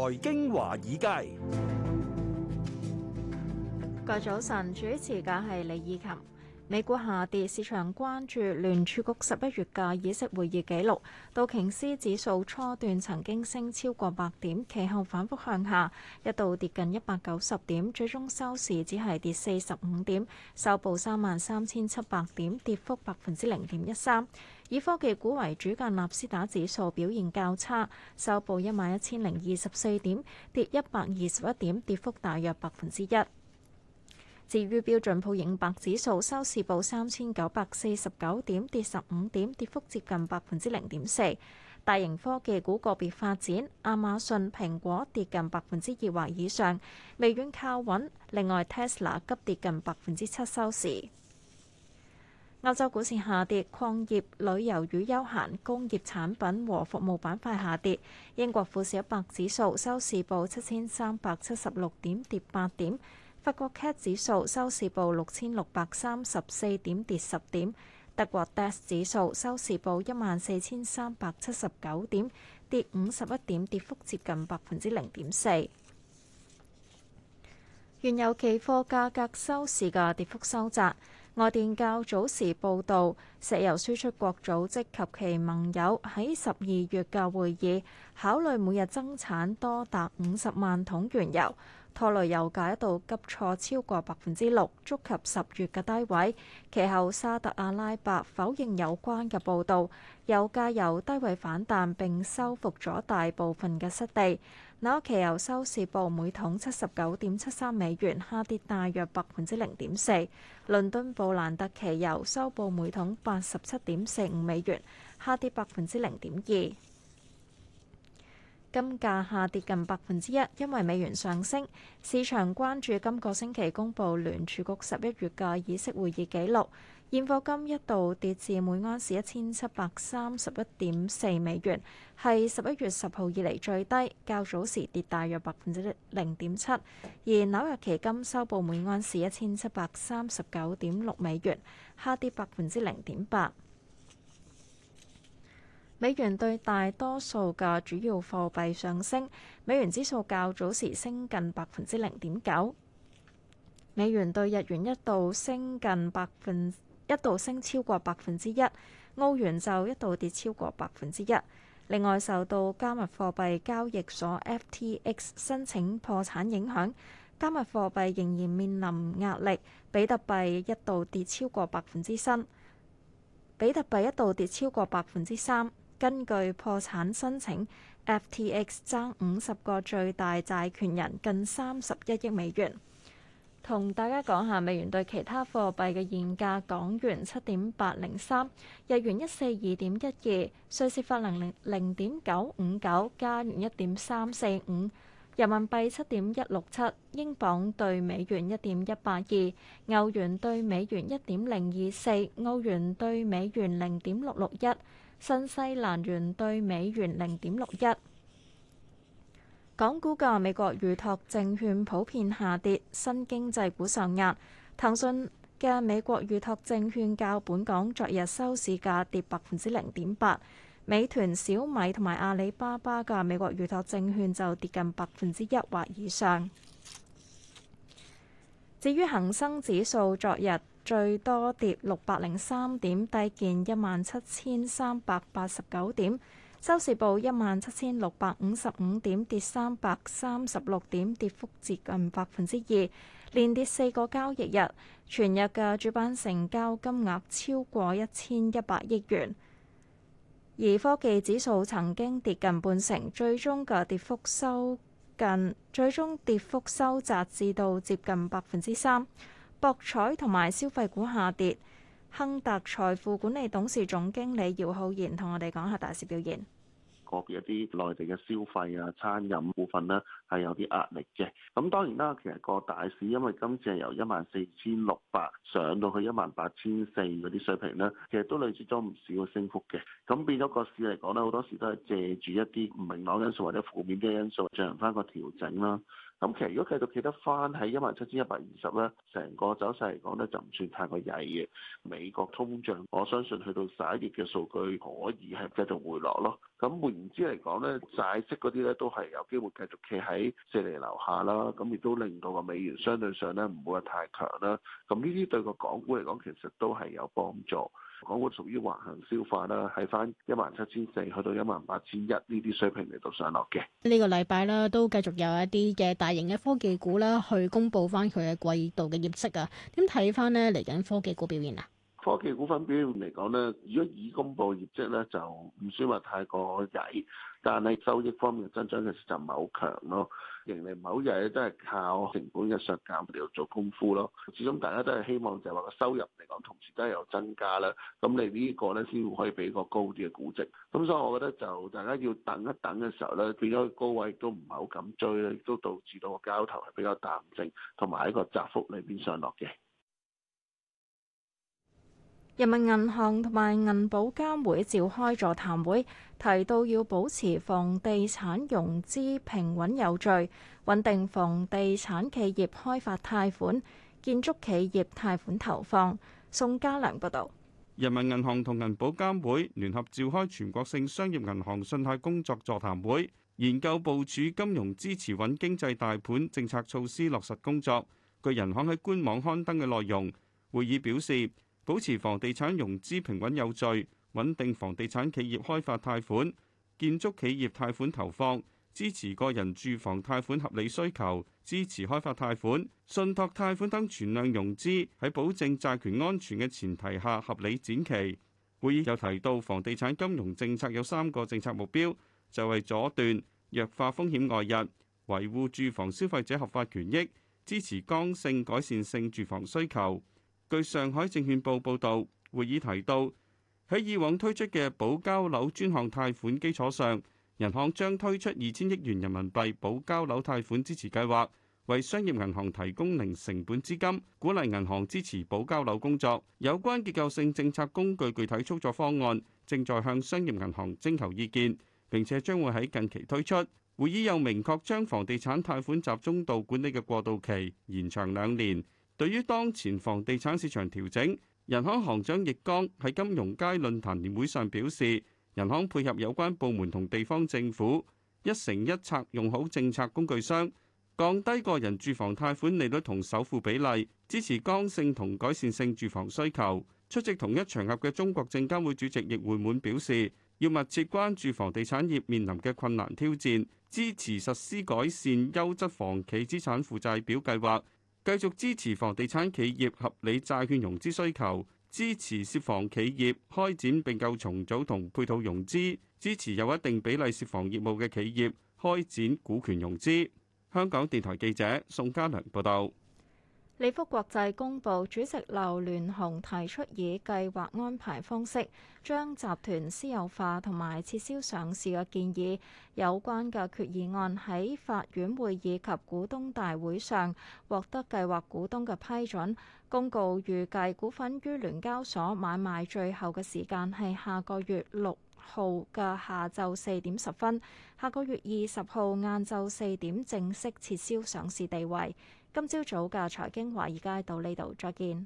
財經華爾街。個早晨主持嘅係李以琴。美股下跌，市場關注聯儲局十一月嘅議息會議記錄。道瓊斯指數初段曾經升超過百點，其後反復向下，一度跌近一百九十點，最終收市只係跌四十五點，收報三萬三千七百點，跌幅百分之零點一三。以科技股為主嘅納斯達克指數表現較差，收報一萬一千零二十四點，跌一百二十一點，跌幅大約百分之一。至於標準普爾五百指數收市報三千九百四十九點，跌十五點，跌幅接近百分之零點四。大型科技股個別發展，亞馬遜、蘋果跌近百分之二或以上，微軟靠穩。另外，Tesla 急跌近百分之七收市。歐洲股市下跌，礦業、旅遊與休閒、工業產品和服務板塊下跌。英國富時一百指數收市報七千三百七十六點，跌八點。法國 CAC 指數收市報六千六百三十四點，跌十點。德國 Dax 指數收市報一萬四千三百七十九點，跌五十一點，跌幅接近百分之零點四。原油期貨價格收市嘅跌幅收窄。外電較早時報道，石油輸出國組織及其盟友喺十二月嘅會議考慮每日增產多達五十萬桶原油，拖累油價一度急挫超過百分之六，觸及十月嘅低位。其後，沙特阿拉伯否認有關嘅報道，油價由低位反彈並收復咗大部分嘅失地。紐約期油收市報每桶七十九點七三美元，下跌大約百分之零點四。倫敦布蘭特期油收報每桶八十七點四五美元，下跌百分之零點二。金價下跌近百分之一，因為美元上升。市場關注今個星期公布聯儲局十一月嘅議息會議紀錄。現貨金一度跌至每盎司一千七百三十一點四美元，係十一月十號以嚟最低。較早時跌大約百分之零點七，而紐約期金收報每盎司一千七百三十九點六美元，下跌百分之零點八。美元對大多數嘅主要貨幣上升，美元指數較早時升近百分之零點九。美元對日元一度升近百分，一度升超過百分之一，歐元就一度跌超過百分之一。另外，受到加密貨幣交易所 FTX 申請破產影響，加密貨幣仍然面臨壓力。比特幣一度跌超過百分之三，比特幣一度跌超過百分之三。根據破產申請，FTX 爭五十個最大債權人近三十一億美元。同大家講下美元對其他貨幣嘅現價：港元七點八零三，日元一四二點一二，瑞士法郎零點九五九，加元一點三四五，人民幣七點一六七，英鎊對美元一點一八二，歐元對美元一點零二四，澳元對美元零點六六一。新西蘭元兌美元零點六一。港股嘅美國預託證券普遍下跌，新經濟股受壓。騰訊嘅美國預託證券較本港昨日收市價跌百分之零點八，美團、小米同埋阿里巴巴嘅美國預託證券就跌近百分之一或以上。至於恒生指數，昨日，最多跌六百零三點，低見一萬七千三百八十九點，收市報一萬七千六百五十五點，跌三百三十六點，跌幅接近百分之二，連跌四個交易日。全日嘅主板成交金額超過一千一百億元。而科技指數曾經跌近半成，最終嘅跌幅收近，最終跌幅收窄至到接近百分之三。博彩同埋消費股下跌，亨達財富管理董事總經理姚浩然同我哋講下大市表現。個別一啲內地嘅消費啊、餐飲部分呢，係有啲壓力嘅。咁當然啦，其實個大市因為今次係由一萬四千六百上到去一萬八千四嗰啲水平呢，其實都累積咗唔少嘅升幅嘅。咁變咗個市嚟講呢，好多時都係借住一啲唔明朗因素或者負面嘅因素進行返個調整啦。咁其實如果繼續企得翻喺一萬七千一百二十咧，成個走勢嚟講咧就唔算太過曳嘅。美國通脹我相信去到十一月嘅數據可以係繼續回落咯。咁換言之嚟講咧，債息嗰啲咧都係有機會繼續企喺四厘樓下啦。咁亦都令到個美元相對上咧唔會話太強啦。咁呢啲對個港股嚟講其實都係有幫助。港股屬於橫行消化啦，喺翻一萬七千四去到一萬八千一呢啲水平嚟到上落嘅。呢個禮拜啦，都繼續有一啲嘅大型嘅科技股啦，去公布翻佢嘅季度嘅業績啊。點睇翻呢嚟緊科技股表現啊？科技股份表現嚟講咧，如果已公布業績咧，就唔算話太過曳，但係收益方面增長其實就唔係好強咯。盈利唔係好曳都係靠成本嘅削減嚟到做功夫咯。始終大家都係希望就係話個收入嚟講，同時都係有增加啦。咁你呢個咧先可以俾個高啲嘅估值。咁所以，我覺得就大家要等一等嘅時候咧，變咗高位都唔係好敢追咧，都導致到個交投係比較淡靜，同埋喺個窄幅裏邊上落嘅。人民銀行同埋銀保監會召開座談會，提到要保持房地產融資平穩有序，穩定房地產企業開發貸款、建築企業貸款投放。宋家良報導。人民銀行同銀保監會聯合召開全國性商業銀行信貸工作座談會，研究部署金融支持穩經濟大盤政策措施落實工作。據人行喺官網刊登嘅內容，會議表示。保持房地產融資平穩有序，穩定房地產企業開發貸款、建築企業貸款投放，支持個人住房貸款合理需求，支持開發貸款、信託貸款等存量融資喺保證債權安全嘅前提下合理展期。會議又提到，房地產金融政策有三個政策目標，就係阻斷弱化風險外溢，維護住房消費者合法權益，支持剛性改善性住房需求。據上海證券報報導，會議提到喺以往推出嘅保交樓專項貸款基礎上，銀行將推出二千億元人民幣保交樓貸款支持計劃，為商業銀行提供零成本資金，鼓勵銀行支持保交樓工作。有關結構性政策工具具體操作方案正在向商業銀行徵求意見，並且將會喺近期推出。會議又明確將房地產貸款集中度管理嘅過渡期延長兩年。對於當前房地產市場調整，人行行長易綱喺金融街論壇年會上表示，人行配合有關部門同地方政府，一城一策用好政策工具箱，降低個人住房貸款利率同首付比例，支持剛性同改善性住房需求。出席同一場合嘅中國證監會主席易會滿表示，要密切關注房地產業面臨嘅困難挑戰，支持實施改善優質房企資產負債表計劃。繼續支持房地產企業合理債券融資需求，支持涉房企業開展併購重組同配套融資，支持有一定比例涉房業務嘅企業開展股權融資。香港電台記者宋家良報道。利福國際公布主席劉鑾鴻提出以計劃安排方式將集團私有化同埋撤銷上市嘅建議，有關嘅決議案喺法院會議及股東大會上獲得計劃股東嘅批准。公告預計股份於聯交所買賣最後嘅時間係下個月六號嘅下晝四點十分，下個月二十號晏晝四點正式撤銷上市地位。今朝早嘅財經華爾街到呢度再見。